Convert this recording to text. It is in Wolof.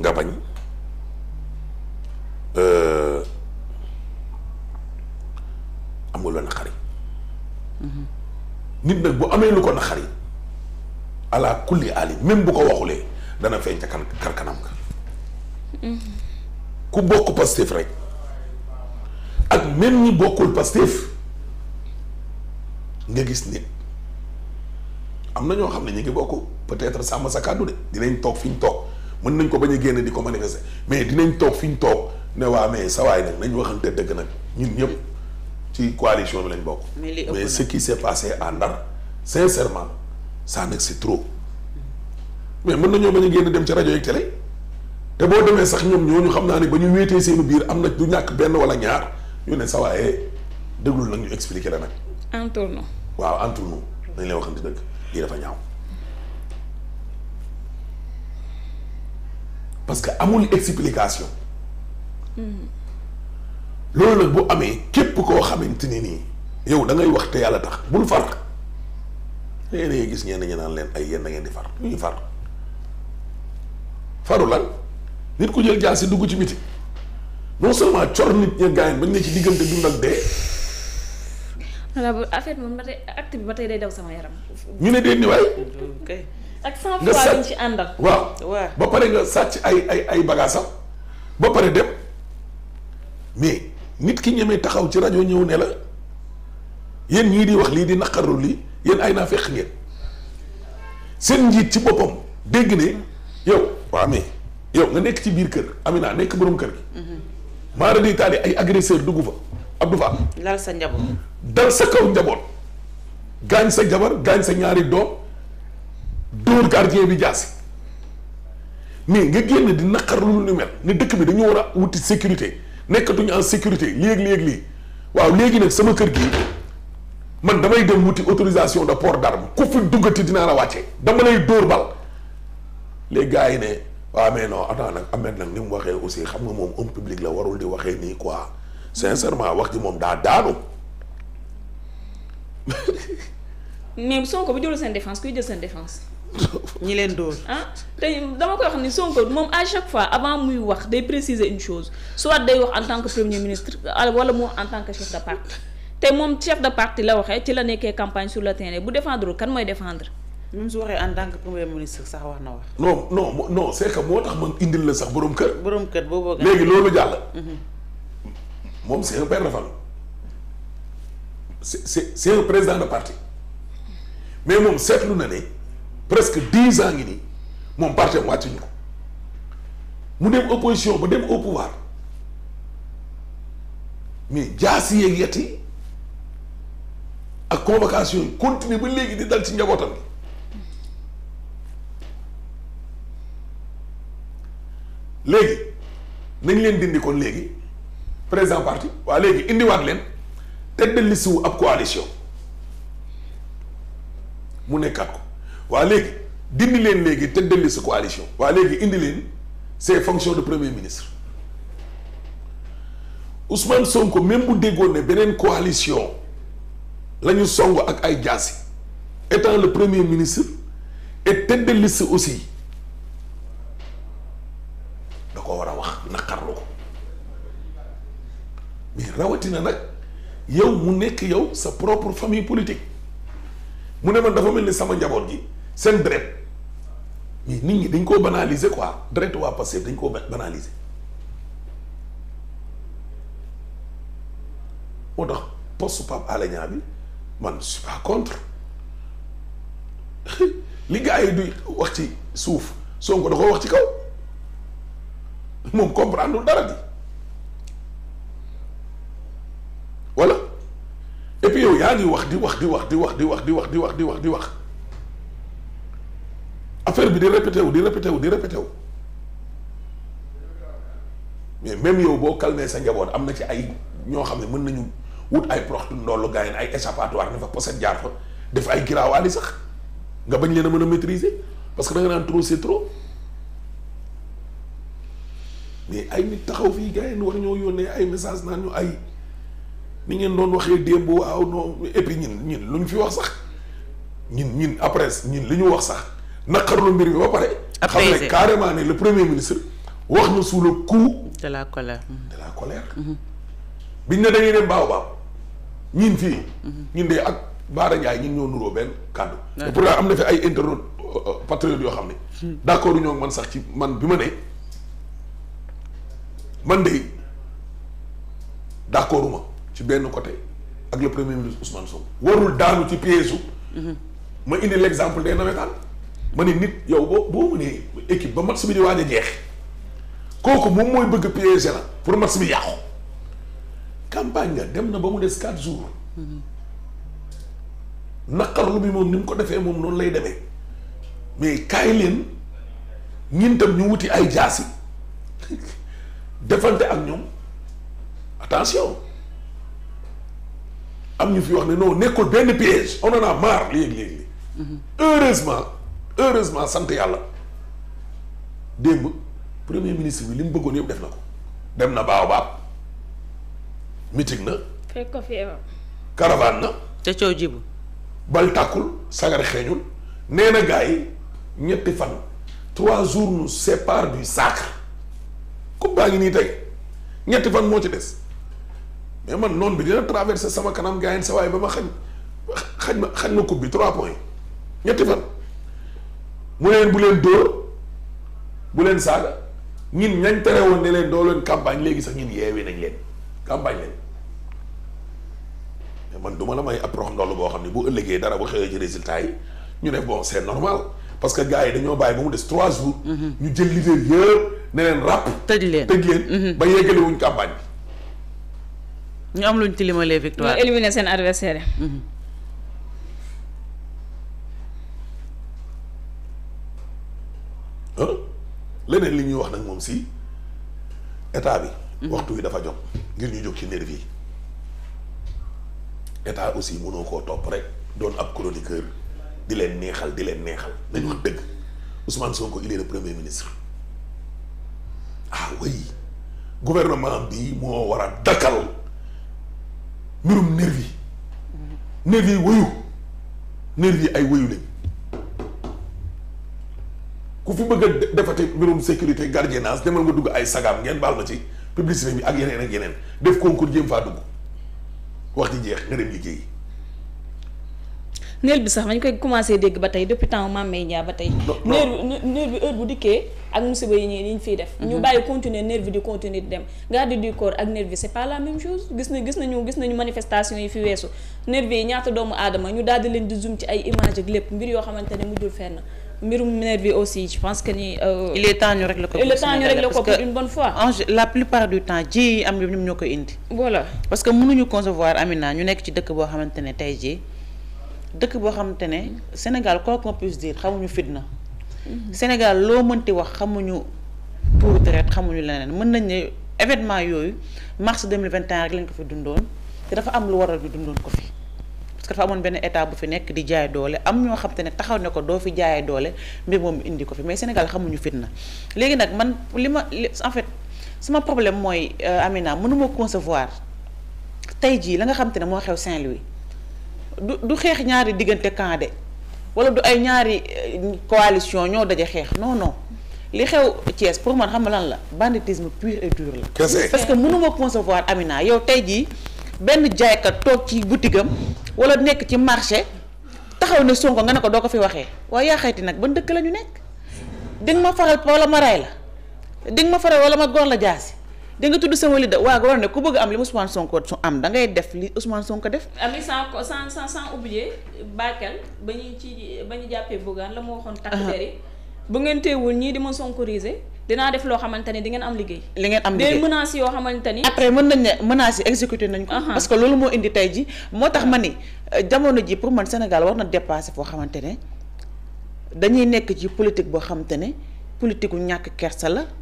nga bañ euh, am nga lu naqari mm-hmm. nit nag bu amee lu ko naqari ala kulli ali même bu ko waxulee dana feeñ ca kan kanam nga mm-hmm. ku bokk Pastef rek ak même ñi bokkul Pastef nga gis nit am na ñoo xam ne ñu ngi bokk peut-être sàmm sa kàddu de dinañ toog fi ñu toog mën nañ ko bañ a génn di ko manifester mais dinañ toog fi ñu toog ne waa mais sawaay nag nañ waxante dëgg nag ñun ñëpp ci coalition lañ bokk. mais ce qui s'est passé à Ndar sincèrement ça nag c'est mais mën nañoo bañ génn dem ci rajo yeeg télé te boo demee sax ñoom ñooñu xam naa ne ba ñu wéetee seen biir am na du ñàkk benn wala ñaar ñu ne sawaaye déglul nag ñu la nag. en tournant. waaw en tournant dañ lay waxante dëgg lii dafa ñaaw. parce que amul explication loolu nag bu amee képp koo xamante ni nii yow da ngay wax te yàlla tax bul far léeg gis ngeen ñu naan leen ay yéen da ngeen di far far faru lan nit ku jël jaasi dugg ci biti non seulement cor nit ña gaañ bañ ne ci diggante dee. voilà bu affaire moom ba tey acte bi ba tey day daw sama yaram. ñu ne ak cent fois lañ ci àndal waaw waaw ba pare nga sàcc ay ay ay bagages ba pare dem mais nit ki ñemee taxaw ci rajo ñëw ne la yéen ñii di wax lii di naqarul lii yéen ay naa fekk ngeen seen njiit ci boppam dégg ne yow waa mais yow nga nekk ci biir kër Amina nekk borom kër gi. Mm-hmm. maara di taali ay agresseur dugg fa Abdou Fall. dal sa njaboot. dal sa kaw njaboot gaañ sa jabar gaañ sa ñaari doom. dóor gardien bi jaasi mais nga génn di naqar lu lu mel ne dëkk bi dañu war a wuti sécurité nekkatuñu en sécurité léeg-léeg li waaw léegi nag sama kër gi man damay dem wuti autorisation de port d'arme ku fi duggati dinaa la wàcce dama lay dóor bal les gars yi ne waaw mais non attends nag Ahmed nag ni mu waxee aussi xam nga moom homme public la warul di waxee nii quoi sincèrement wax ji moom daa daanu. mais Sonko bu jëlul seen défense kuy jël seen défense. ñi leen dóor ah te dama koy wax ni Sonko moom à chaque fois avant muy wax day préciser une chose soit day wax en tant que premier ministre euh, wala mu wax en tant que chef de parti te moom chef de parti la waxee ci la nekkee campagne sur le terrain bu défendre kan mooy défendre. même waxee en tant que premier ministre na wax. non non non c'est que la sax borom kër. borom kër boobu. loolu jàll. Mhm. moom c'est un père de famille. c'est c'est moom seetlu na ne. presque dix ans ngi nii moom partem wàccuñu ko mu dem opposition ba dem au pouvoir mais jaasi yeeg yet yi ak convocation yi continuer ba léegi di dal ci njabootam gi léegi nañ leen dindi kon léegi président parti waa léegi indiwaat leen teg de liste wu ab coalition mu nekkaat ko waa léegi dindi leen léegi te delli sa coalition waa léegi indi leen ses fonctions de premier ministre Ousmane ko même bu déggoon ne beneen coalition la ñu song ak ay jaasi étant le premier ministre et tête aussi da ko war a wax naqarlu ko mais rawatina nag yow mu nekk yow sa propre famille politique mu ne man dafa mel ni sama njaboot gi seen deret mais nit ñi dañ koo banaliser quoi deret waa Pastef dañ koo banaliser moo tax poste Pape Alé Niang bi man je suis pas contre li du wax ci suuf soo da ko wax ci kaw moom comprendre dara di voilà et puis yow yaa ngi wax di wax di wax di wax di wax di wax di wax di wax di wax affaire bi di répété wu di répété mais même yow boo calmé sa njaboot am na ci ay ñoo xam ne mën nañu wut ay proxtu ndoolu gaa yi ay échappatoire ne fa poset jaar fa def ay giraawaali sax nga bañ leen a mën a maîtriser parce que da nga naan trop c'est trop mais ay nit taxaw fii gaa yi wax ñoo yónnee ay message naan ñu ay ni ngeen doon waxee démb waaw non et puis ñin ñin luñ fi wax sax ñin ñin après ñin li ñu wax sax naqarlu mbir mi ba pare. xam ne carrément ne le premier ministre wax na sous le coup. de la colère de la mhm. colère. Mhm. biñ ne dañuy dem baaw baaw ñin fii. Mhm. ñun de ak Baara Ndiaye ñun ñoo nuroo benn kàddu. te pourtant am na fi ay internautes euh, euh, patriotes yoo xam ne. Hmm. d' accord ñoo man sax ci man bi ma ne man de d' accord ci benn côté ak le premier ministre Ousmane Sonko warul daanu ci piège ma indi l' exemple des nawetaan. ma ne nit yow boo boo mënee équipe ba match bi di waaj jeex kooku moom mooy bëgg piégé la pour match mi yàqu campagne nga dem na ba mu des quatre jours mm-hmm. naqarlu bi moom ni mu ko defee moom noonu lay deme mais kaay leen ñun ñu wuti ay jaasi defante ak ñoom attention am ñu fi wax ne non nekkul benn piège on en a marre léegi-léegi mm-hmm. heureusement heureusement sant yàlla démb premier ministre bi li mu bëggoon yëpp def na ko dem na baaw baab meeting na. fekk ko fi caravane na. te coow jibu bal tàkkul sagar xeeñul nee na gars yi ñetti fan trois jours nous séparent du sacre coupe baa ngi nii tey ñetti fan moo ci des mais man noon bi dina traversé sama kanam gars yi sa waay ba ma xañ xañ ma xañ ma coupe bi trois points ñetti fan. mu leen bu leen dóor bu leen saaga ñin ñañ tere woon ne leen doo leen campagne léegi sax ñin yeewee nañ leen campagne leen mais man du ma la may approche ndoll boo xam ne bu ëllëgee dara ba xëyee ci résultat yi ñu ne bon c'est normal parce que gars yi dañoo bàyyi ba mu des trois jours. Mhm. ñu jël leader yëpp ne leen ràpp. tëj leen tëj mhm. ba yeggale wuñ campagne bi. ñu am luñ tilimalee victoire. ñu éliminer seen adversaire. Mhm. leneen li ñuy wax nag moom si état bi. Mhm. waxtu wi dafa jot ngir ñu jóg ci nervi yi état aussi mënoo koo topp rek doon ab chroniqueur di leen neexal di leen neexal nañ wax dëgg Ousmane Sonko il est le premier ministre ah oui gouvernement bi moo war a dakkal mbirum nervi yi mhm. nervi yi wëyu nervi ay wëyu lañ. ku fi bëgg a defati mbirum sécurité gardiennage demal nga dugg ay sagaam ngeen baal ma ci publicité bi ak yeneen ak yeneen def concours jéem faa dugg wax ji jeex nga dem liggéeyi. néer bi sax mañ koy commencé dégg ba tey depuis temps Mame Mbaye ba tey. néer bi néer bi heure bu dikkee ak musiba yi ñii ñu fiy def. Mhm. ñu bàyyi continuer néer bi di continuer di dem. garde du corps ak néer bi c' est pas la même chose gis na gis nañu gis nañu manifestation yi fi weesu néer bi ñaata doomu aadama ñu daal di leen di zoom ci ay image ak lépp yoo xamante ne fenn. mbirum Minervi bi aussi je pense que ni. il est temps ñu régler ko. il est temps ñu régler ko pour une bonne fois. en la plupart du temps ji yi am ñoom ñoo ko indi. voilà parce que mënuñu concevoir Amina ñu nekk ci dëkk boo xamante ne tey jii dëkk boo xamante ne Sénégal quoi qu'on puisse dire xamuñu fitna. Mhm. Sénégal loo mënti wax xamuñu pour deret xamuñu leneen mën nañ ne événement yooyu mars 2021 rek lañ ko fi dundoon te dafa am lu waral bi dundoon ko fi. que dafa amoon benn état bu fi nekk di jaay doole am ñoo xam ne taxaw ne ko doo fi jaayee doole mbir moom indi ko fi mais Sénégal xamuñu fitna léegi nag man li ma en fait sama problème mooy euh, Amina mënuma concevoir tey jii la nga xam ne moo xew Saint-Louis du du xeex ñaari diggante camp de wala du ay ñaari euh, coalition ñoo daje xeex non li xew Thiès pour man xam nga lan la banditisme pur et dur la. parce que mënuma concevoir Amina yow tey jii benn jaaykat toog ci boutique wala nekk ci marché taxaw ne Sonko nga ne ko doo ko fi waxee waaye yaa nag ba dëkk la ñu nekk di nga ma faral wala ma ray la di nga ma faral wala ma góor la jaasi di nga tudd sama waa waaw war ne ku bëgg am li Ousmane Sonko su am dangay ngay def li Ousmane Sonko def. am sans sans sans sans oublier Bakel ba ñu ci ba ñu jàppee Bougane la mu waxoon. takk der yi bu ngeen teewul ñii di ma sonkoriser. dinaa def loo xamante ni di ngeen am liggéey. li ngeen am liggéey des menaces yoo xamante ni. après mën nañ ne menaces yi exécuté nañ ko. Uh-huh. parce que loolu moo indi tey ji moo tax uh-huh. ma ni euh, jamono ji pour man Sénégal war na dépassé foo xamante ne dañuy nekk ci politique boo xamante ne politique gu ñàkk kersa la.